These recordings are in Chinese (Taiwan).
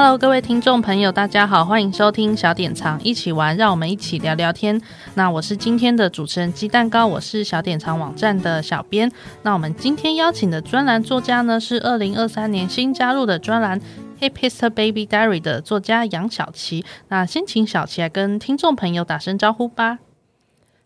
Hello，各位聽眾朋友，大家好，歡迎收聽小典藏一起玩，讓我們一起聊聊天。那我是今天的主持人雞蛋糕，我是小典藏網站的小編。那我們今天邀請的專欄作家呢，是二零二三年新加入的專欄《Hipster Baby Diary》的作家楊筱琪。那先請筱琪來跟聽眾朋友打聲招呼吧。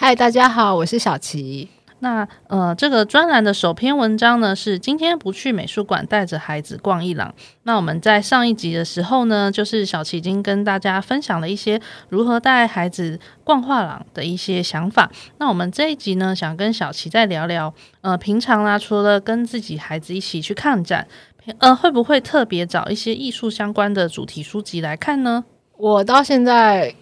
Hi，大家好，我是筱琪。那呃，這個專欄的首篇文章呢，是今天不去美術館，帶着孩子逛藝廊。那我們在上一集的時候呢，就是筱琪已經跟大家分享了一些如何帶孩子逛畫廊的一些想法。那我們這一集呢，想跟筱琪再聊聊，呃，平常啊，除了跟自己孩子一起去看展，呃，會不會特別找一些藝術相關的主題書籍來看呢？我到現在。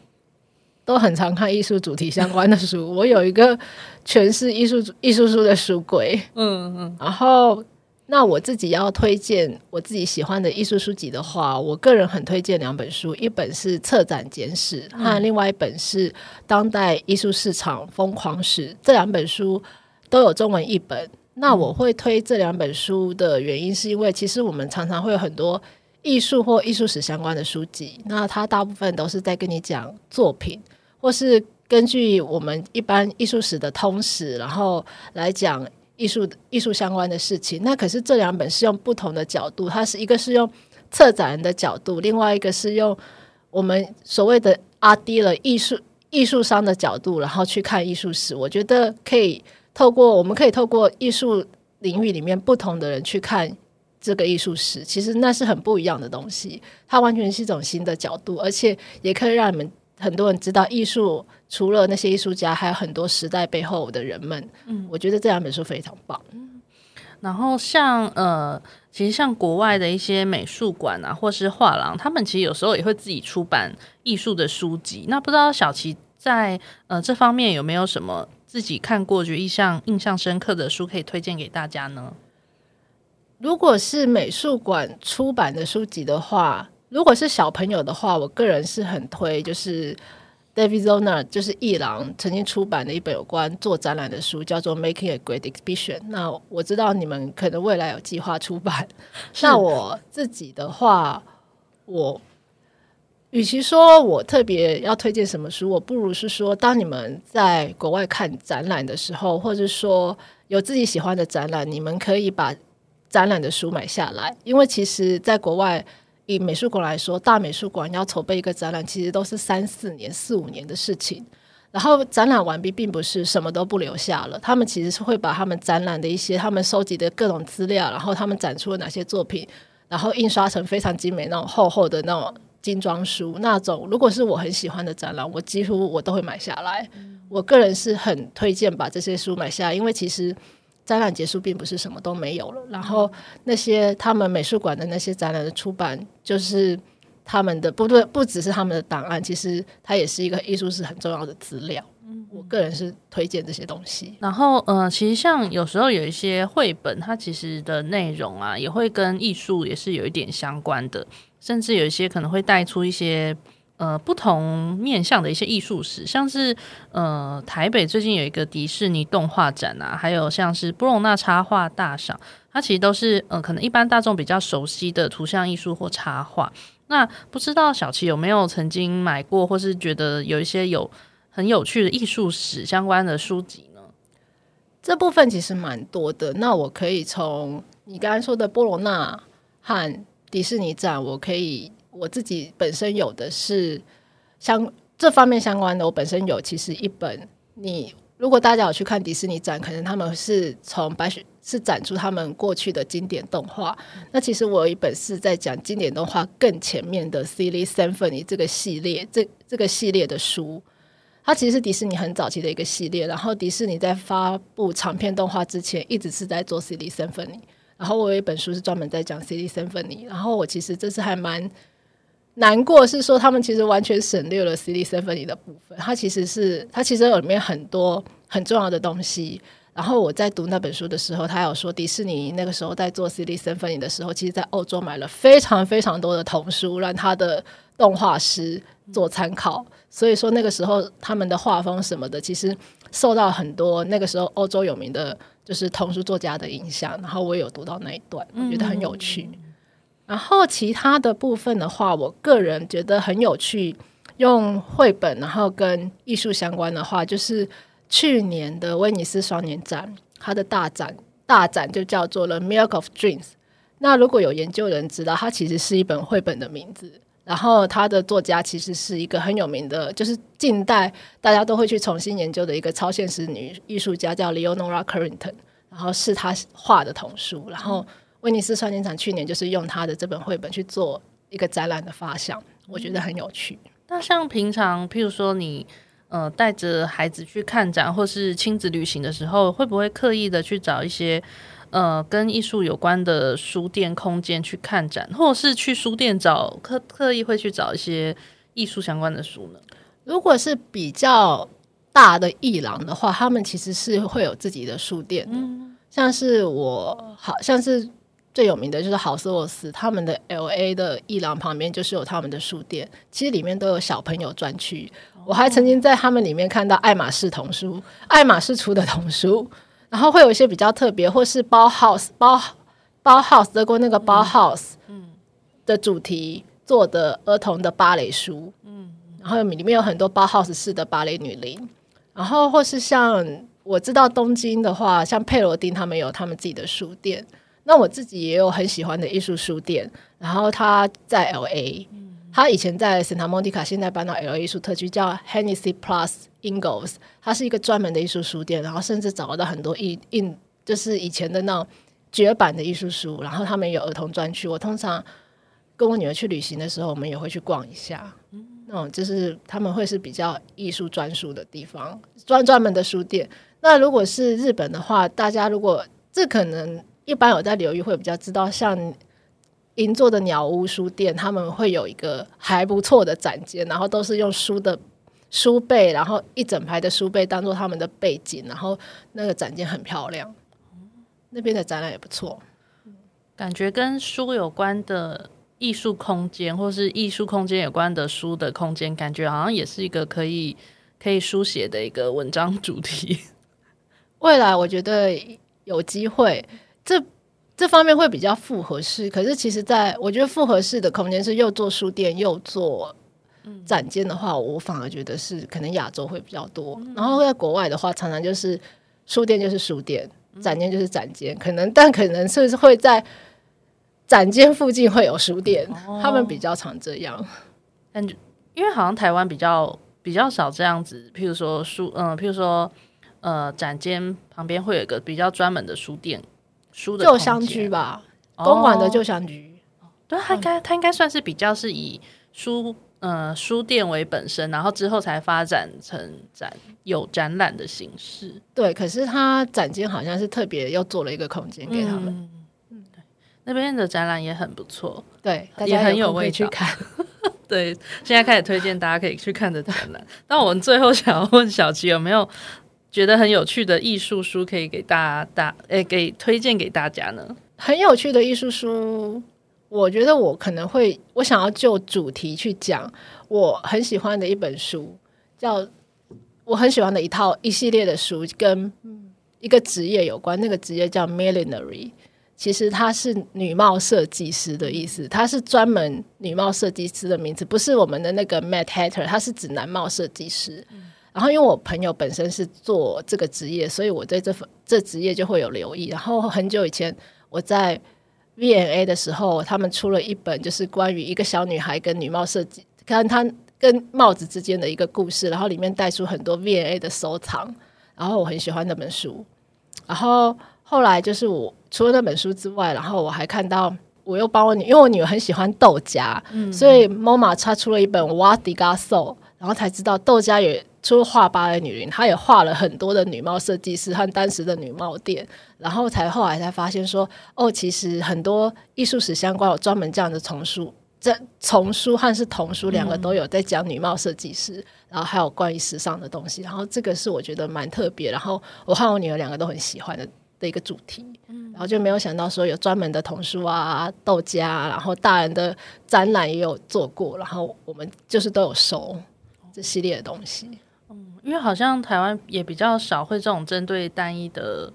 都很常看藝術主題相關的書，我有一個全是藝術藝術書的書櫃，嗯嗯。然後，那我自己要推薦我自己喜歡的藝術書籍的話，我個人很推薦兩本書，一本是《策展簡史》嗯，和另外一本是《當代藝術市場瘋狂史》。這兩本書都有中文譯本。那我會推這兩本書的原因，是因為其實我們常常會有很多。藝術或藝術史相關的書籍，那它大部分都是在跟你講作品，或是根據我們一般藝術史的通史，然後來講藝術藝術相關的事情。那可是這兩本是用不同的角度，它是一個是用策展人的角度，另外一個是用我們所謂的 Art Dealer 藝術藝術商的角度，然後去看藝術史。我覺得可以透過我們可以透過藝術領域裡面不同的人去看，這個藝術史其實那是很不一樣的東西，它完全是一種新的角度，而且也可以讓你們很多人知道，藝術除了那些藝術家，還有很多時代背後的人們。嗯，我覺得這兩本書非常棒。然後像呃，其實像國外的一些美術館啊，或是畫廊，他們其實有時候也會自己出版藝術的書籍。那不知道筱琪在呃這方面有沒有什麼自己看過覺得印象印象深刻的書可以推薦給大家呢？如果是美術館出版的書籍的話，如果是小朋友的話，我個人是很推，就是 David Zwirner 就是藝廊曾經出版的一本有關做展覽的書，叫做《Making a Great Exhibition》。那我知道你們可能未來有計劃出版。那我自己的話，我與其說我特別要推薦什麼書，我不如是說，當你們在國外看展覽的時候，或者說有自己喜歡的展覽，你們可以把。展覽的書買下來，因為其實在國外以美術館來說，大美術館要籌備一個展覽，其實都是三四年、四五年的事情。然後展覽完畢，並不是什麼都不留下了，他們其實是會把他們展覽的一些他們收集的各種資料，然後他們展出了哪些作品，然後印刷成非常精美那種厚厚的那種精裝書。那種如果是我很喜歡的展覽，我幾乎我都會買下來。我個人是很推薦把這些書買下來，因為其實。展覽結束並不是什麼都沒有了，然後那些他們美術館的那些展覽的出版，就是他們的不對，不只是他們的檔案，其實它也是一個藝術史很重要的資料。嗯，我個人是推薦這些東西。嗯、然後，嗯、呃，其實像有時候有一些繪本，它其實的內容啊，也會跟藝術也是有一點相關的，甚至有一些可能會帶出一些。呃，不同面向的一些藝術史，像是呃台北最近有一個迪士尼動畫展啊，還有像是波隆納插畫大賞，它其實都是呃可能一般大眾比較熟悉的圖像藝術或插畫。那不知道筱琪有沒有曾經買過，或是覺得有一些有很有趣的藝術史相關的書籍呢？這部分其實蠻多的。那我可以從你剛剛說的波隆納和迪士尼展，我可以。我自己本身有的是像這方面相關的，我本身有其實一本。你如果大家有去看迪士尼展，可能他們是從白雪是展出他們過去的經典動畫。那其實我有一本是在講經典動畫更前面的《Silly Symphony》這個系列，這這個系列的書，它其實是迪士尼很早期的一個系列。然後迪士尼在發布長片動畫之前，一直是在做《Silly Symphony》，然後我有一本書是專門在講《Silly Symphony》，然後我其實這次還蠻。難過是說他們其實完全省略了 Silly Symphony 的部分，它其實是它其實有裡面很多很重要的東西。然後我在讀那本書的時候，他有說迪士尼那個時候在做 Silly Symphony 的時候，其實在歐洲買了非常非常多的童書，讓他的動畫師做參考。所以說那個時候他們的畫風什麼的，其實受到很多那個時候歐洲有名的就是童書作家的影響。然後我有讀到那一段，我覺得很有趣。嗯嗯然後其他的部分的話，我個人覺得很有趣。用繪本，然後跟藝術相關的話，就是去年的威尼斯雙年展，它的大展大展就叫做了《The Milk of Dreams》。那如果有研究人知道，它其實是一本繪本的名字。然後它的作家其實是一個很有名的，就是近代大家都會去重新研究的一個超現實女藝術家，叫 Leonora Carrington。然後是她畫的童書，然後。威尼斯雙年展去年就是用他的這本繪本去做一個展覽的發想，我覺得很有趣。嗯、那像平常，譬如說你呃帶着孩子去看展，或是親子旅行的時候，會不會刻意的去找一些呃跟藝術有關的書店空間去看展，或是去書店找刻，刻意會去找一些藝術相關的書呢？如果是比較大的藝廊的話，他們其實是會有自己的書店的。嗯，像是我，好像是。最有名的就是豪斯沃斯，他們的 L A 的藝廊旁邊就是有他們的書店，其實裡面都有小朋友專區。Oh、我還曾經在他們裡面看到愛馬仕童書，oh、愛馬仕出的童書，oh 童書 oh、然後會有一些比較特別，或是包 house 包 Bow, 包 house 德國那個包 house 嗯的主題做的兒童的芭蕾書嗯，mm -hmm. 然後裡面有很多包 house 式的芭蕾女伶，mm -hmm. 然後或是像我知道東京的話，像佩羅丁他們有他們自己的書店。那我自己也有很喜歡的藝術書店，然後他在 LA，他、嗯嗯、以前在聖塔莫尼卡，現在搬到 LA 藝術特區，叫 Hennessy Plus Ingalls，它是一個專門的藝術書店，然後甚至找得到很多印印，就是以前的那種絕版的藝術書，然後他們有兒童專區。我通常跟我女兒去旅行的時候，我們也會去逛一下，那、嗯、種、嗯嗯、就是他們會是比較藝術專屬的地方，專專門的書店。那如果是日本的話，大家如果這可能。一般我在留意會比較知道，像銀座的鳥屋書店，他們會有一個還不錯的展間，然後都是用書的書背，然後一整排的書背當做他們的背景，然後那個展間很漂亮。那邊的展覽也不錯，感覺跟書有關的藝術空間，或是藝術空間有關的書的空間，感覺好像也是一個可以可以書寫的一個文章主題。未來我覺得有機會。這這方面會比較複合式，可是其實在，在我覺得複合式的空間是又做書店又做展間的話，嗯，我反而覺得是可能亞洲會比較多。嗯，然後在國外的話，常常就是書店就是書店，展間就是展間，可能但可能是，是會在展間附近會有書店，哦，他們比較常這樣。但就因為好像台灣比較比較少這樣子，譬如說書，嗯，呃，譬如說呃展間旁邊會有個比較專門的書店。舊香居吧，公館的舊香居，哦，對，他應該他應該算是比較是以書呃，書店為本身，然後之後才發展成展有展覽的形式。對，可是他展間好像是特別又做了一個空間給他們。嗯，對，那邊的展覽也很不錯，對，也很有味道，有去看。 對，現在開始推薦大家可以去看的展覽。那 我們最後想要問筱琪有沒有？覺得很有趣的藝術書，可以給大家，大誒、欸，給推薦給大家呢。很有趣的藝術書，我覺得我可能會，我想要就主題去講我很喜歡的一本書，叫我很喜歡的一套一系列的書，跟一個職業有關。那個職業叫 Millinery，其實它是女帽設計師的意思，它是專門女帽設計師的名字，不是我們的那個 Mad Hatter，它是指男帽設計師。嗯然後，因為我朋友本身是做這個職業，所以我對這份這職業就會有留意。然後很久以前我在 V&A 的時候，他們出了一本，就是關於一個小女孩跟女帽設計，看她跟帽子之間的一個故事。然後裡面帶出很多 V&A 的收藏。然後我很喜歡那本書。然後後來就是我除了那本書之外，然後我還看到我又幫我女，因為我女兒很喜歡竇加，嗯嗯，所以 MoMA 插出了一本《What Degas Saw》，然後才知道竇加也除了畫芭蕾女伶，她也畫了很多的女帽設計師和當時的女帽店，然後才後來才發現說，哦，其實很多藝術史相關有專門這樣的叢書，這叢書和是童書兩個都有在講女帽設計師、嗯，然後還有關於時尚的東西，然後這個是我覺得蠻特別，然後我和我女兒兩個都很喜歡的的一個主題，然後就沒有想到說有專門的童書啊，竇加、啊，然後大人的展覽也有做過，然後我們就是都有收這系列的東西。因為好像台灣也比較少會這種針對單一的，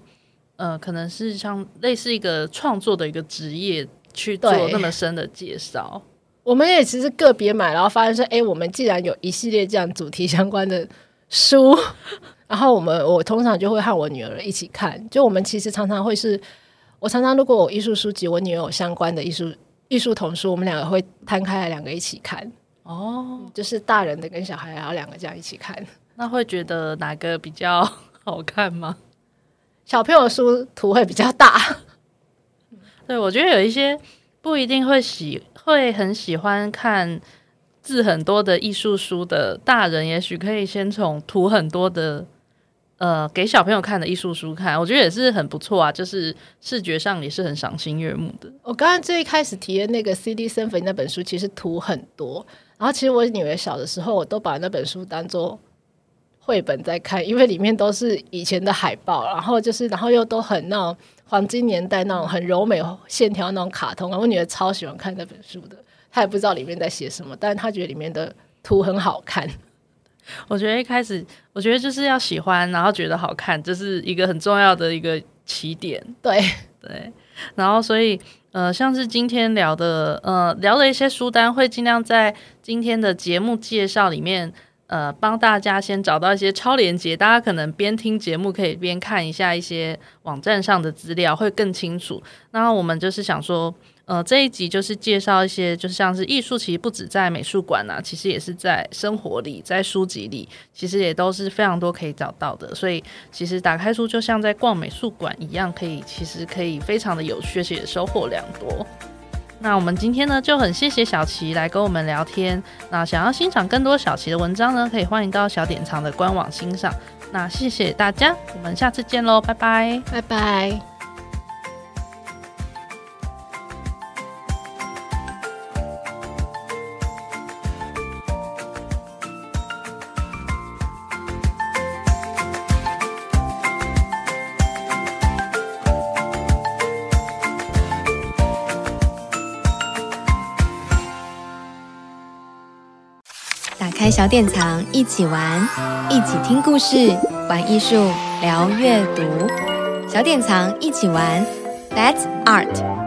呃，可能是像類似一個創作的一個職業去做那麼深的介紹。我們也其實個別買，然後發現說，誒，我們既然有一系列這樣主題相關的書，然後我們我通常就會和我女兒一起看。就我們其實常常會是，我常常如果我藝術書籍，我女兒有相關的藝術藝術童書，我們兩個會攤開來兩個一起看。哦，就是大人的跟小孩，然後兩個這樣一起看。那會覺得哪個比較好看嗎？小朋友的書圖會比較大，對我覺得有一些不一定會喜，會很喜歡看字很多的藝術書的大人，也許可以先從圖很多的呃給小朋友看的藝術書看，我覺得也是很不錯啊，就是視覺上也是很賞心悅目的。我剛剛最一開始提的那個《Silly Symphony》那本書，其實圖很多，然後其實我女兒小的時候我都把那本書當做，繪本在看，因為裡面都是以前的海報，然後就是，然後又都很那種黃金年代那種很柔美線條那種卡通。我女兒超喜歡看那本書的，她也不知道裡面在寫什麼，但是她覺得裡面的圖很好看。我覺得一開始，我覺得就是要喜歡，然後覺得好看，這是一個很重要的一個起點。對對，然後所以，呃，像是今天聊的，呃，聊的一些書單，會盡量在今天的節目介紹裡面。呃，幫大家先找到一些超連結，大家可能邊聽節目可以邊看一下一些網站上的資料，會更清楚。那我們就是想說，呃，這一集就是介紹一些，就是像是藝術，其實不只在美術館啊，其實也是在生活裡，在書籍裡，其實也都是非常多可以找到的。所以，其實打開書就像在逛美術館一樣，可以其實可以非常的有趣，而且也收穫良多。那我們今天呢，就很謝謝筱琪來跟我們聊天。那想要欣賞更多筱琪的文章呢，可以歡迎到小典藏的官網欣賞。那謝謝大家，我們下次見嘍，拜拜，拜拜。小典藏一起玩，一起聽故事，玩藝術，聊閱讀。小典藏一起玩，That's Art。